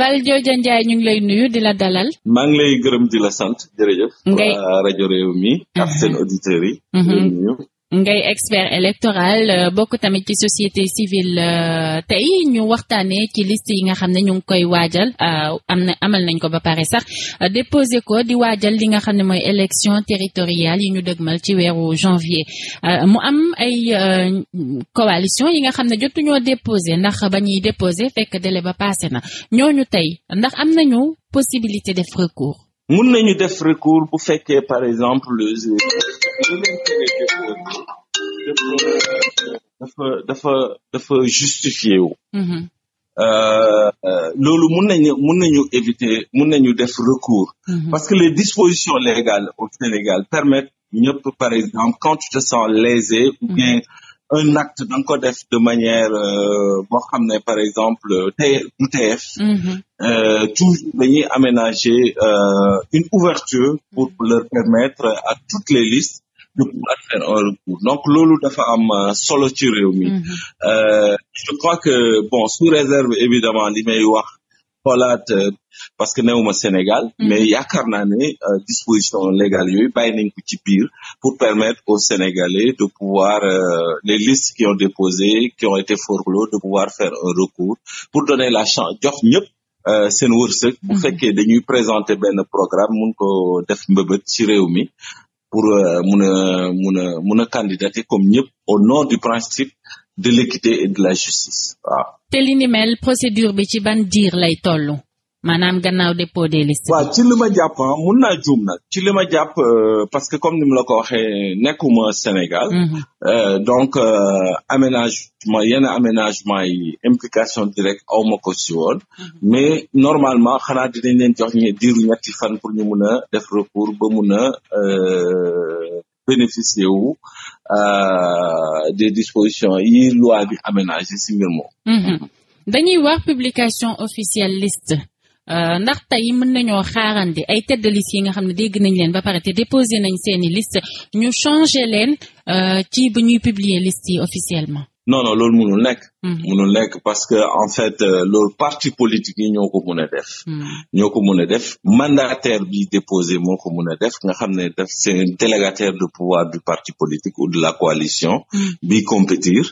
Valdiodio Ndiaye ñu ngi lay nuyu di la dalal. maa ngi lay gërëm di la sant jërëjëf. ngay waa rajo réew mi. ak seen auditeurs yi. Mhm. ngay expert électoral euh, bokk tamit ci société civile euh, tey ñu waxtaanee ci liste yi nga xam ne ñu ngi koy waajal euh, am na amal nañ ko ba pare sax déposé ko di waajal li nga xam ne mooy élection territoriale yi ñu dëgmal ci weeru janvier mu am ay coalition yi nga xam ne jotuñoo déposé ndax ba ñuy déposé fekk délai ba passé na ñooñu tey ndax am nañu possibilité def recours mun nañu def recours bu fekkee par exemple le dafa dafa dafa justifié wu mm-hmm. euh, loolu mun nañu mun nañu éviter mun nañu def recours mm-hmm. parce que les dispositions légales au Sénégal permettent ñëpp par exemple quand tu te sens lésé ou mm-hmm. bien un acte da nga ko def de manière euh, boo xam ne par exemple bu TF mm-hmm. euh, toujours dañuy aménager euh, une ouverture pour leur permettre à toutes les listes de pouvoir faire un recours donc loolu dafa am solo ci réew mi mm-hmm. je crois que bon sous réserve évidemment li wax xoolaat euh, parce que newuma Sénégal mm-hmm. mais yaakaar naa ne euh, disposition légale yooyu bàyyi nañ ko ci biir pour permettre aux Sénégalais de pouvoir euh, les listes qui ont déposé qui ont été forclos de pouvoir faire un recours pour donner la chance jox ñëpp euh, seen wërsëg bu mm-hmm. fekkee dañuy présenter benn programme mun ko def mbëbët ci réew mi pour euh, mun a mun a mun a candidater comme ñëpp au nom du principe de l'équité et de la justice waaw. te li ni procédure bi ci ban diir lay toll. maanaam gannaaw dépôt des listes. waaw ci li ma jàpp ah, mun naa juum nag ci li ma jàpp euh, parce que comme ni mu la ko waxee nekkuma Sénégal. Mhm. Euh, donc euh, aménagement yenn aménagement yi implication directe aw ma ko si woon. Mhm. mais normalement xanaa dinañ leen jox ñu diiru ñetti fan pour ñu mun a def recours ba mun a. bénéficier wu euh, des dispositions yi loi bi aménagé ci mbir mhm. dañuy wax publication officielle liste Euh, ndax tey mën nañoo xaarandi ay tête de liste yi nga xam ne dégg nañ leen ba pare te déposé nañ seeni liste ñu changé leen euh, ci bu ñuy publier liste yi officiellement. non non loolu mënul nekk. Hmm. mënul nekk parce que en fait euh, loolu parti politique yi ñoo ko mën a def. Hmm. ñoo ko a def mandataire bi déposé moo ko mën a def nga xam ne def c'est un délégataire de pouvoir du parti politique ou de la coalition. Hmm. bi compétir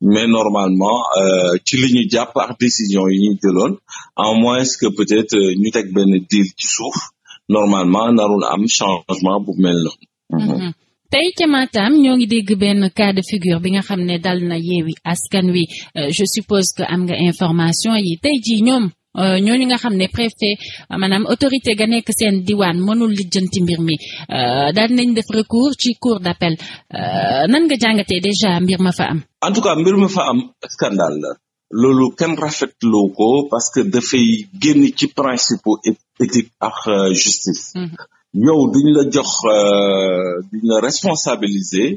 mais normalement euh, ci li ñu jàpp ak décision yi ñu jëloon en moins que peut-être euh, ñu teg benn deal ci suuf normalement narul am changement bu mel noonu. Mhm. tey ca Matam ñoo ngi dégg benn cas de figure bi nga xam ne dal na yeewi askan wi euh, je suppose que am nga information yi tey jii ñoom ñoo euh, ñooñu nga xam ne préfet maanaam autorité ga nekk seen diwaan mënul lijjanti mbir mi euh, daal nañ def recours ci cour d'appel euh, nan nga jàngatee déjà mbir ma fa am. en tout cas mbir ma fa am scandale la. loolu kenn rafetloo ko parce que dafay génn ci principaux éthique ak mm-hmm. yow duñ la jox duñ la responsabiliser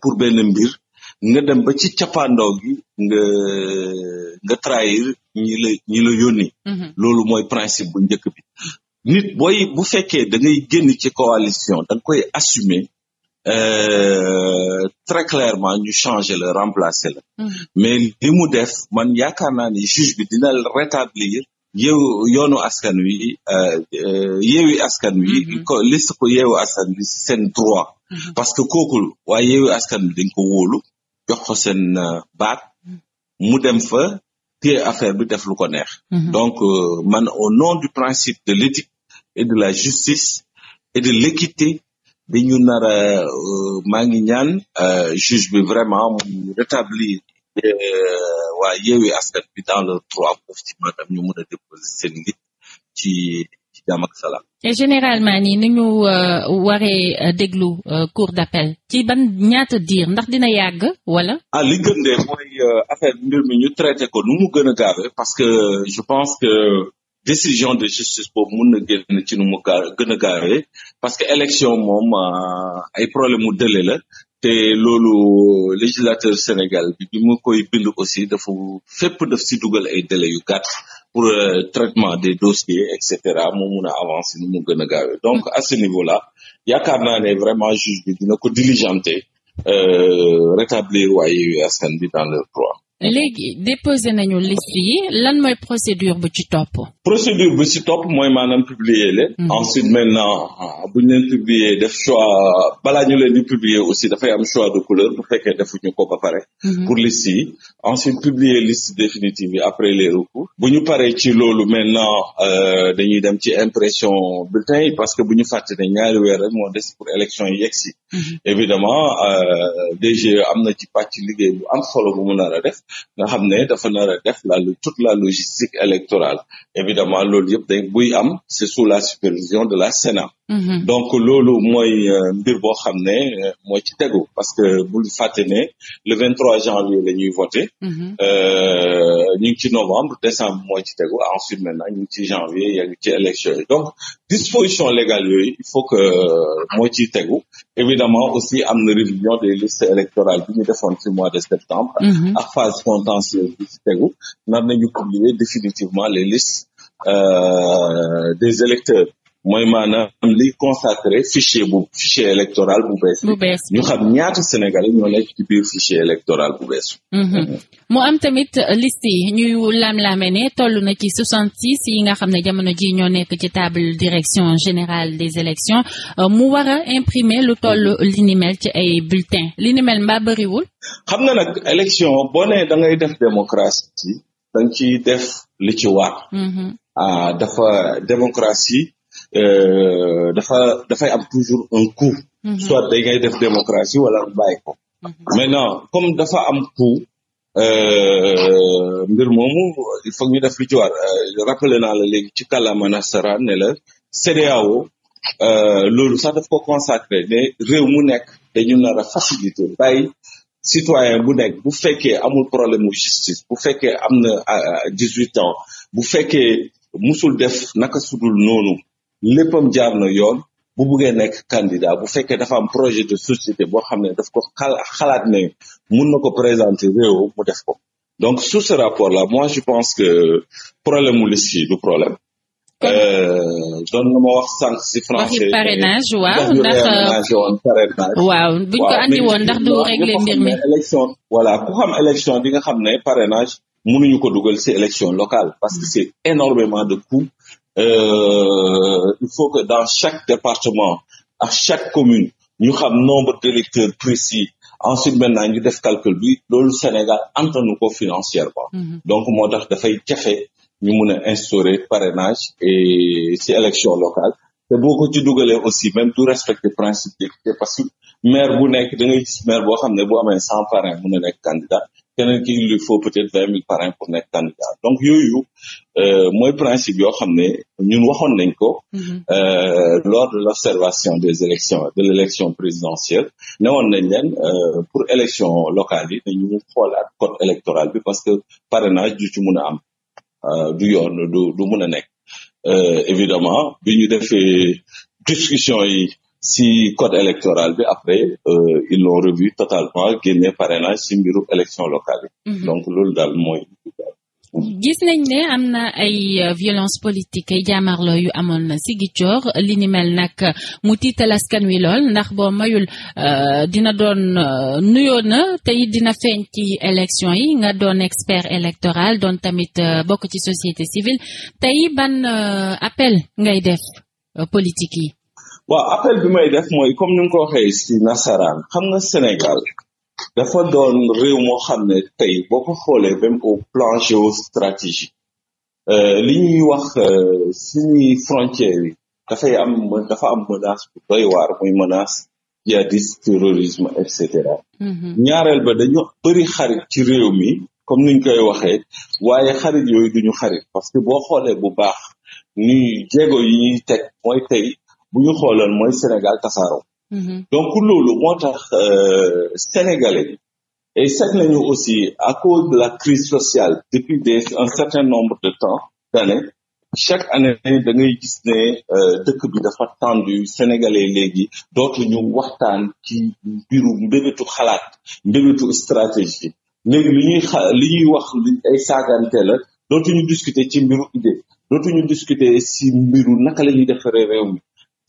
pour benn mbir. nga dem ba ci cappaandaw gi nga nga trahir ñi la ñi la mhm. loolu mooy principe bu njëkk bi nit booy bu fekkee da ngay génn ci coalition da nga koy assumer Euh, très clairement ñu changer la remplacer la mhm. mais li mu def man yaakaar naa ni juge bi dina rétablir yeewu yoonu askan wi euh, euh, yeewi askan wi mm ko liste ko yeewu askan wi seen droit mm parce que kooku waa yeewi askan wi dañ ko wóolu jox ko seen euh, baat mu dem fa téye affaire bi def lu ko neex mm-hmm. donc euh, man au nom du principe de l'éthique et de la justice et de l'équité dañu nar a euh, maa ngi ñaan juge bi vraiment mu rétablir waa Yewwi Askan Wi dans leurs droits pour ci maanaam ñu mën a déposer seen nit ci jàmm ak salaam. généralement nii ni ñu euh, waree euh, déglu euh, cour d'appel ci ban ñaata diir ndax dina yàgg wala. ah li gën de mooy affaire mbir mi ñu traité ko nu mu gën a gaawee parce que je pense que décision de justice boobu na ci nu mu gaa gën a parce que élection moom ay problème mu délai la. te loolu législateur Sénégal bi mu koy bind aussi dafa fépp daf si dugal ay délais yu gàtt pour euh, traitement des dossiers et cetera mu mun a avancé nu mu gën a gaawee donc à ce niveau là yaakaar naa ne vraiment juge bi dina ko diligenter euh, rétablir waa Yewwi Askan Wi dans leur droit léegi déposé nañu liste yi lan mooy procédure bu ci topp. procédure bu ci topp mooy maanaam publier leen. Mm-hmm. ensuite maintenant ah, bu ñu leen publier def choix balaa ñu leen di publier aussi dafay am choix de couleur bu fekkee defuñu ko ba pare. Mm-hmm. pour liste yi ensuite publier liste définitive yi après les bu ñu paree ci loolu maintenant euh, dañuy dem ci impression bulletin yi parce que bu ñu fàtte ne ñaari weer rek moo des pour élection yi yegg si. Mm-hmm. évidemment euh, DG e am na ci ci liggéey bu am xolo bu mu nar a def. nga xam ne dafa nar a def la toute la logistique électorale évidemment loolu yëpp day buy am c'est sous la supervision de la Sénat mm -hmm. donc loolu mooy euh, mbir boo xam ne euh, mooy ci tegu parce que bul fàtte le le 23 janvier la ñuy voté mm-hmm. euh, ñu ngi ci novembre décembre mooy ci tegu ensuite maintenant ñu ngi ci janvier yaa ngi ci élection yi disposition légale yooyu il faut que euh, moo ciy tegu évidemment aussi am na révision des listes électorales bi ñu defoon ci mois de septembre mm-hmm. ak phase contentieuse bi ci tegu nar nañu publier définitivement les listes euh, des électeurs mooy maanaam li consacré fichier bu bu bees bu bees ñu xam ñaata sénégalais ñoo nekk ci biir fichier électoral bu bees mm-hmm. mu am tamit liste yi ñuy laam-laame ne toll na ci soixante six yi nga xam ne jamono ji ñoo nekk ci table direction général des élections euh, mu war a imprimer lu toll li ni mel ci ay bultin li ni mel bëriwul xam nga nag élection boo nee da ngay def démocratie da nga def li ci waat mm-hmm. ah, dafa démocratie Euh, dafa dafay am toujours un coût. Mhm. soit day ngay def démocratie wala bàyyi ko. Mhm. maintenant comme dafa am coût euh, mbir moomu il faut ñu def lu ci war euh, rappelé naa la léegi ci kàllaama nasaraan ne la CEDEAO loolu sax daf ko consacré ne réew mu nekk dañu nar a facilité citoyen bu nekk bu fekkee amul problème mu justice bu fekkee am na dix huit ans bu fekkee musul def naka sudul noonu léppam jaar na yoon bu buggee nekk candidat bu fekkee dafa am projet de société boo xam ne daf ko xalat ne mun na ko présenter réew mu def ko donc sous ce rapport là moi je pense que problème mu liste yi du problème euh, doon na ma wax sànq si français. waxi parrainage ndax euh, woon ndax du régler mbir mi. élection voilà ku xam élection di nga xam ne parrainage ñu ko dugal si élection locale parce que c'est énormément de coûts Euh, il faut que dans chaque département a chaque commune ñu xam nombre d'électeurs précis ensuite maintenant ñu def calcul bi loolu Sénégal antanu ko financièrement mhm. donc moo tax dafay jafe ñu mun a instaurer parrainage et ci élection locale te boo ko ci dugalee aussi même du respecter principe d'équité parce que maire bu nekk da maire boo xam ne boo amee cent parrain mun a nekk candidat keneen ki il lui faut peut-être vingt mille parrains pour nekk candidat donc yooyu euh, mooy principe yoo xam ne ñun waxoon nañ ko mhm. euh, lors de l'observation des élections de l'élection présidentielle ne woon nañ leen euh, pour élection locale yi dañu xoolaat code électoral bi parce que parrainage du ci mun a am du yoon du du mun a nekk évidemment bi ñu defee discussion yi si code électoral bi après euh, ils l'ont totalement génne parrainage si mbiru élection locale yi mm -hmm. donc loolu mooy gis nañ ne am na ay euh, violence politique ay jaamarloo yu amoon na si Ziguinchor li ni mel nag mu tiital askan wi lool ndax boo mayul euh, dina doon euh, nuyoo na te it dina feeñ ci élection yi nga doon expert électoral doon tamit bokk ci société civile tey ban appel ngay def politique yi waaw appel bi may def mooy comme ni nga ko waxee ci nasaraan xam nga Sénégal dafa doon réew moo xam ne tey boo ko xoolee même au plan géostratégique euh, li ñuy wax euh, suñuy yi dafay am dafa am menace bu doy waar muy menace djihadiste terrorisme et cetera. Mm-hmm. ñaareel ba dañu bëri xarit ci réew mi comme niñ koy waxee waaye xarit yooyu duñu xarit parce que boo xoolee bu baax ni jéego yi ñuy teg mooy tey. bu ñu xooloon mooy Sénégal tasaaroo. Mm-hmm. donc loolu moo tax euh, sénégalais yi. et seet nañu aussi à cause de la crise sociale depuis des un certain nombre de temps d'années chaque année da ngay gis ne euh, dëkk bi dafa tendu sénégalais léegi dootuñu waxtaan ci mbiru mbébétu xalaat mbébétu stratégie léegi li ñuy xa li ñuy wax ay saagante la dootuñu discuter ci mbiru idée dootuñu discuter si mbiru naka la ñuy defaree réew mi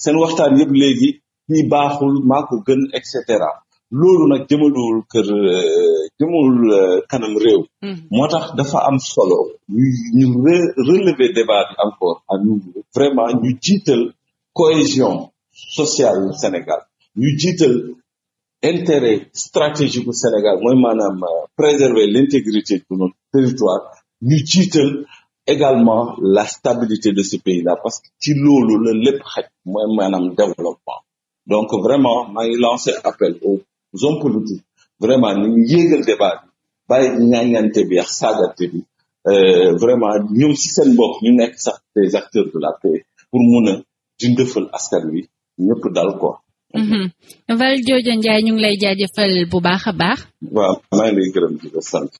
seen waxtaan yëpp léegi ni baaxul maa gën et cetera loolu nag jëmalul kër euh, jëmalul euh, kanam réew. Mm-hmm. moo tax dafa am solo ñu relever débat bi encore à nouveau ñu jiital cohésion sociale yu Sénégal ñu jiital intérêt stratégique bu Sénégal mooy maanaam euh, préserver l'intégrité de notre territoire ñu jiital. également la stabilité de ce pays parce que ci loolu la lépp xaj mooy maanaam développement donc vraiment maa ngi lancé appel aux hommes vraiment ni ñu yéegal débat bi bàyyi ñaañante bi ak saagante bi euh, vraiment ñoom si seen bopp ñu nekk sax des acteurs de la paix pour mun a dundëfal askan wi ñëpp dal quoi mm-hmm. ñu ngi lay jaajëfal bu baax a baax